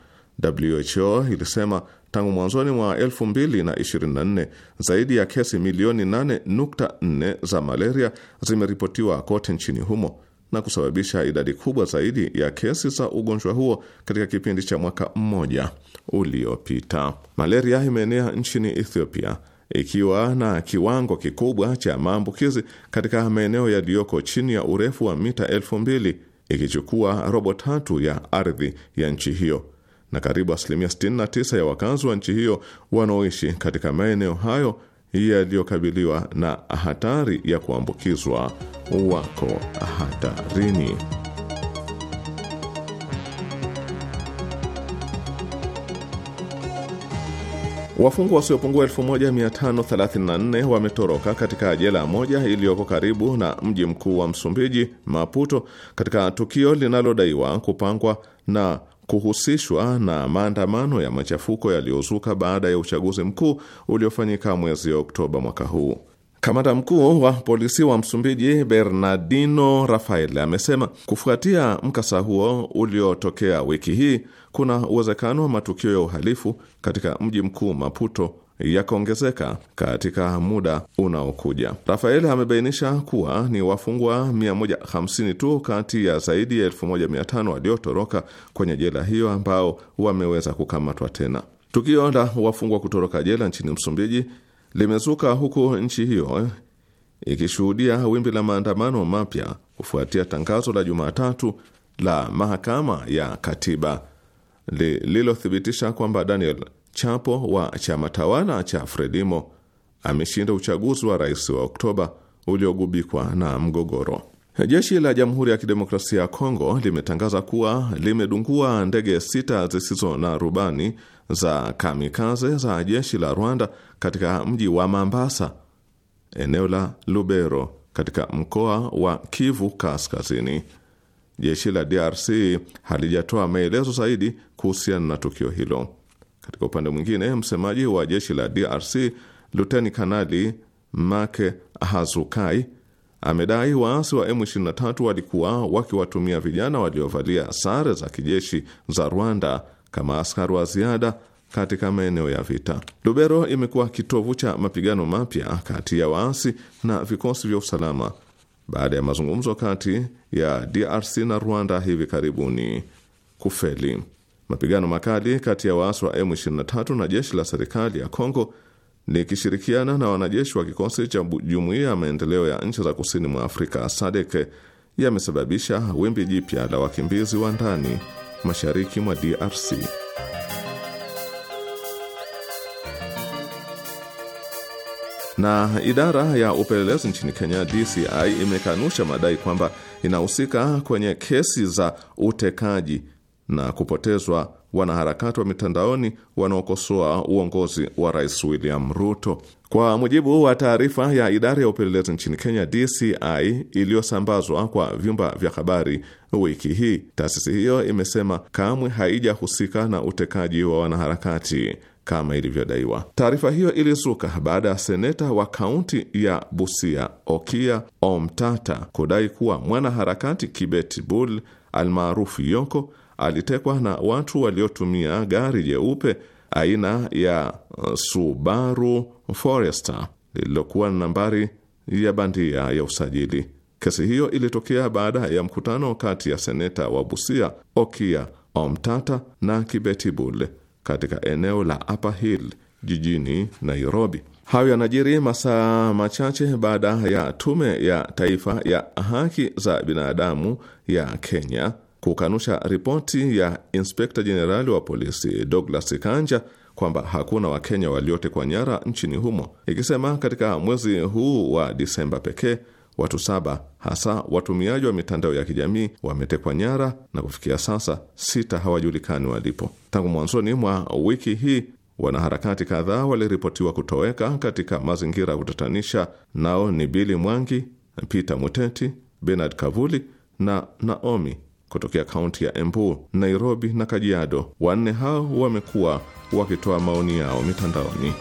WHO ilisema tangu mwanzoni mwa 2024 zaidi ya kesi milioni 8.4 za malaria zimeripotiwa kote nchini humo na kusababisha idadi kubwa zaidi ya kesi za ugonjwa huo katika kipindi cha mwaka mmoja uliopita. Malaria imeenea nchini Ethiopia ikiwa na kiwango kikubwa cha maambukizi katika maeneo yaliyoko chini ya urefu wa mita elfu mbili ikichukua robo tatu ya ardhi ya nchi hiyo, na karibu asilimia 69 ya wakazi wa nchi hiyo wanaoishi katika maeneo hayo yaliyokabiliwa na hatari ya kuambukizwa wako hatarini. Wafungwa wasiopungua 1534 wametoroka katika jela moja iliyoko karibu na mji mkuu wa Msumbiji, Maputo, katika tukio linalodaiwa kupangwa na kuhusishwa na maandamano ya machafuko yaliyozuka baada ya uchaguzi mkuu uliofanyika mwezi Oktoba mwaka huu. Kamanda mkuu wa polisi wa Msumbiji Bernardino Rafael amesema kufuatia mkasa huo uliotokea wiki hii, kuna uwezekano wa matukio ya uhalifu katika mji mkuu Maputo yakaongezeka katika muda unaokuja. Rafael amebainisha kuwa ni wafungwa 150 tu kati ya zaidi ya 1500 waliotoroka kwenye jela hiyo ambao wameweza kukamatwa tena. Tukio la wafungwa kutoroka jela nchini Msumbiji limezuka huku nchi hiyo ikishuhudia wimbi la maandamano mapya kufuatia tangazo la Jumatatu la mahakama ya katiba lililothibitisha kwamba Daniel chapo wa chama tawala cha Fredimo ameshinda uchaguzi wa rais wa Oktoba uliogubikwa na mgogoro. Jeshi la Jamhuri ya Kidemokrasia ya Kongo limetangaza kuwa limedungua ndege sita zisizo na rubani za kamikaze za jeshi la Rwanda katika mji wa Mambasa, eneo la Lubero katika mkoa wa Kivu Kaskazini. Jeshi la DRC halijatoa maelezo zaidi kuhusiana na tukio hilo. Katika upande mwingine, msemaji wa jeshi la DRC luteni kanali Make Hazukai amedai waasi wa M23 walikuwa wakiwatumia vijana waliovalia sare za kijeshi za Rwanda kama askari wa ziada katika maeneo ya vita. Lubero imekuwa kitovu cha mapigano mapya kati ya waasi na vikosi vya usalama baada ya mazungumzo kati ya DRC na Rwanda hivi karibuni kufeli. Mapigano makali kati ya waasi wa M23 na jeshi la serikali ya Kongo likishirikiana na wanajeshi wa kikosi cha jumuiya ya maendeleo ya nchi za kusini mwa Afrika SADC yamesababisha wimbi jipya la wakimbizi wa ndani mashariki mwa DRC. Na idara ya upelelezi nchini Kenya DCI imekanusha madai kwamba inahusika kwenye kesi za utekaji na kupotezwa wanaharakati wa mitandaoni wanaokosoa uongozi wa Rais William Ruto. Kwa mujibu wa taarifa ya idara ya upelelezi nchini Kenya DCI iliyosambazwa kwa vyumba vya habari wiki hii, taasisi hiyo imesema kamwe haijahusika na utekaji wa wanaharakati kama ilivyodaiwa. Taarifa hiyo ilizuka baada ya seneta wa kaunti ya Busia Okia Omtata kudai kuwa mwanaharakati Kibet Bull almaarufu Yoko alitekwa na watu waliotumia gari jeupe aina ya uh, Subaru Forester lililokuwa na nambari ya bandia ya usajili. Kesi hiyo ilitokea baada ya mkutano kati ya seneta wa Busia Okia Omtata na Kibeti Bule katika eneo la Upper Hill jijini Nairobi. Hayo yanajiri masaa machache baada ya tume ya taifa ya haki za binadamu ya Kenya kukanusha ripoti ya inspekta jenerali wa polisi Douglas Kanja kwamba hakuna Wakenya waliotekwa nyara nchini humo, ikisema katika mwezi huu wa Disemba pekee watu saba hasa watumiaji wa mitandao ya kijamii wametekwa nyara na kufikia sasa sita hawajulikani walipo. Tangu mwanzoni mwa wiki hii wanaharakati kadhaa waliripotiwa kutoweka katika mazingira ya kutatanisha, nao ni Bili Mwangi, Peter Muteti, Bernard Kavuli na Naomi kutokea kaunti ya Embu, Nairobi na Kajiado. Wanne hao wamekuwa wakitoa maoni yao mitandaoni.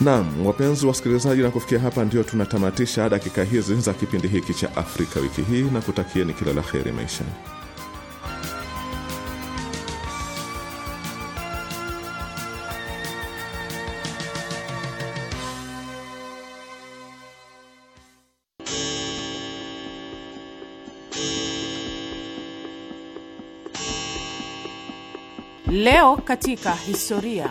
Naam, wapenzi wasikilizaji, na kufikia hapa ndio tunatamatisha dakika hizi za kipindi hiki cha Afrika wiki hii na kutakieni kila la heri maishani. Leo katika historia.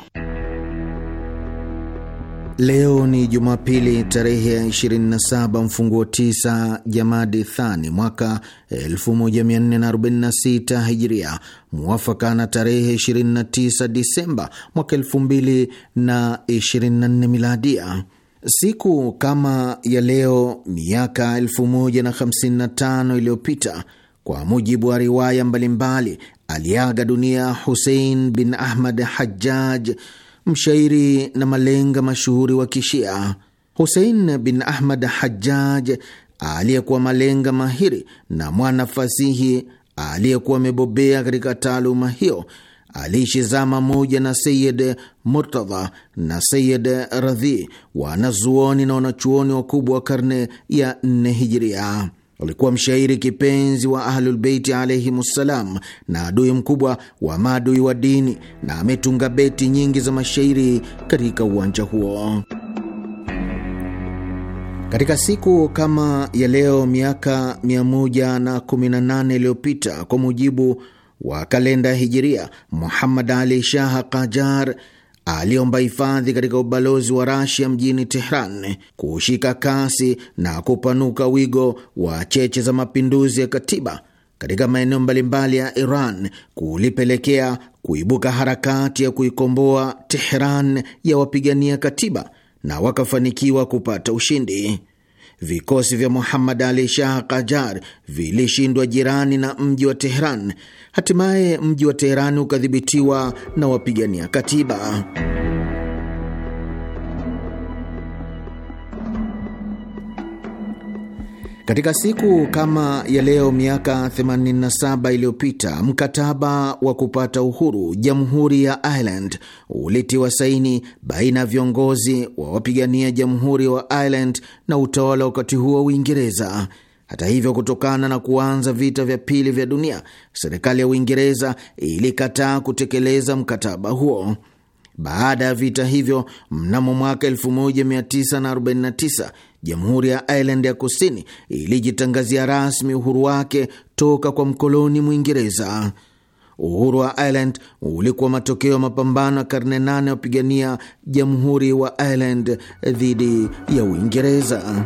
Leo ni Jumapili tarehe ya 27 mfunguo 9 Jamadi Thani mwaka 1446 Hijria, muwafaka na tarehe 29 Disemba mwaka 2024 Miladia. Siku kama ya leo miaka 1055 iliyopita, kwa mujibu wa riwaya mbalimbali, aliaga dunia Husein bin Ahmad Hajjaj, mshairi na malenga mashuhuri wa Kishia. Husein bin Ahmad Hajjaj aliyekuwa malenga mahiri na mwana fasihi aliyekuwa amebobea katika taaluma hiyo aliishi zama moja na Sayid Murtadha na Sayid Radhi, wanazuoni na wanachuoni wakubwa wa karne ya nne Hijiria. Alikuwa mshairi kipenzi wa Ahlulbeiti alaihimussalam na adui mkubwa wa maadui wa dini, na ametunga beti nyingi za mashairi katika uwanja huo. Katika siku kama ya leo miaka 118 iliyopita kwa mujibu wa kalenda hijiria, Muhammad Ali Shah kajar aliomba hifadhi katika ubalozi wa Rasia mjini Tehran. Kushika kasi na kupanuka wigo wa cheche za mapinduzi ya katiba katika maeneo mbalimbali ya Iran kulipelekea kuibuka harakati ya kuikomboa Tehran ya wapigania katiba na wakafanikiwa kupata ushindi. Vikosi vya Muhammad Ali Shah Kajar vilishindwa jirani na mji wa Tehran. Hatimaye mji wa Teherani ukadhibitiwa na wapigania katiba. Katika siku kama ya leo miaka 87 iliyopita mkataba wa kupata uhuru jamhuri ya Ireland ulitiwa saini baina ya viongozi wa wapigania jamhuri wa Ireland na utawala wakati huo Uingereza. Hata hivyo, kutokana na kuanza vita vya pili vya dunia, serikali ya Uingereza ilikataa kutekeleza mkataba huo. Baada ya vita hivyo, mnamo mwaka 1949 Jamhuri ya Ireland ya Kusini ilijitangazia rasmi uhuru wake toka kwa mkoloni Mwingereza. Uhuru wa Ireland ulikuwa matokeo ya mapambano ya karne nane ya wapigania jamhuri wa Ireland dhidi ya Uingereza.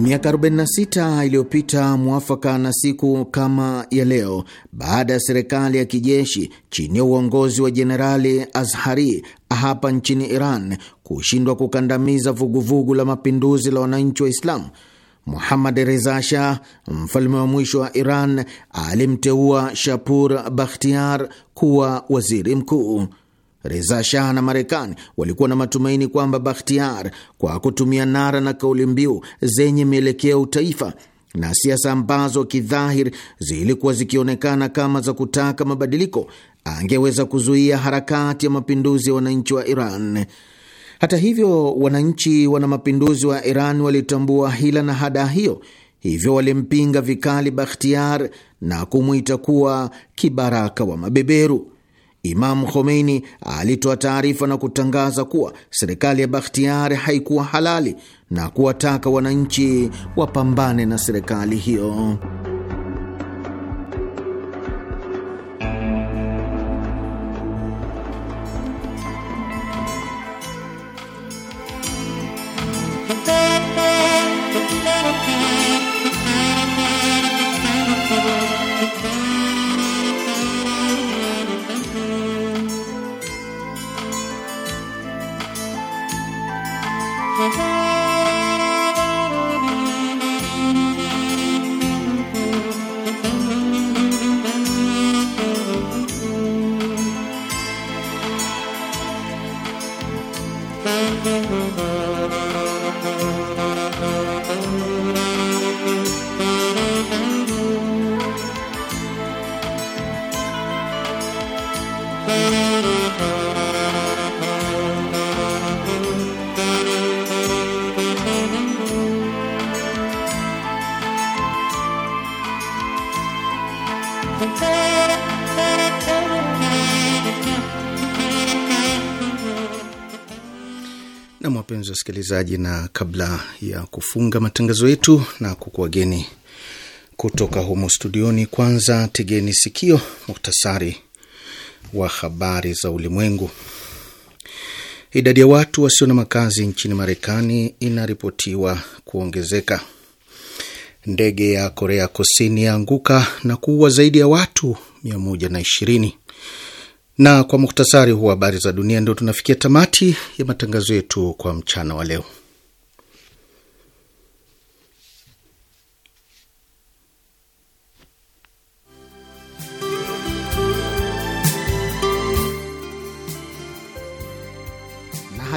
Miaka 46 iliyopita mwafaka na siku kama ya leo, baada ya serikali ya kijeshi chini ya uongozi wa Jenerali Azhari hapa nchini Iran kushindwa kukandamiza vuguvugu la mapinduzi la wananchi wa Islamu, Muhammad Reza Shah, mfalme wa mwisho wa Iran, alimteua Shapur Bakhtiar kuwa waziri mkuu. Reza Shah na Marekani walikuwa na matumaini kwamba Bakhtiar, kwa kutumia nara na kauli mbiu zenye mielekeo utaifa na siasa ambazo kidhahiri zilikuwa zikionekana kama za kutaka mabadiliko, angeweza kuzuia harakati ya mapinduzi ya wananchi wa Iran. Hata hivyo, wananchi wana mapinduzi wa Iran walitambua hila na hadaa hiyo, hivyo walimpinga vikali Bakhtiar na kumwita kuwa kibaraka wa mabeberu. Imamu Khomeini alitoa taarifa na kutangaza kuwa serikali ya Bakhtiari haikuwa halali na kuwataka wananchi wapambane na serikali hiyo. Nam, wapenzi wasikilizaji, na kabla ya kufunga matangazo yetu na kukuwageni kutoka humo studioni, kwanza tegeni sikio muhtasari wa habari za ulimwengu. Idadi ya watu wasio na makazi nchini Marekani inaripotiwa kuongezeka. Ndege ya Korea Kusini yaanguka na kuua zaidi ya watu 120. Na kwa muktasari huu habari za dunia, ndio tunafikia tamati ya matangazo yetu kwa mchana wa leo.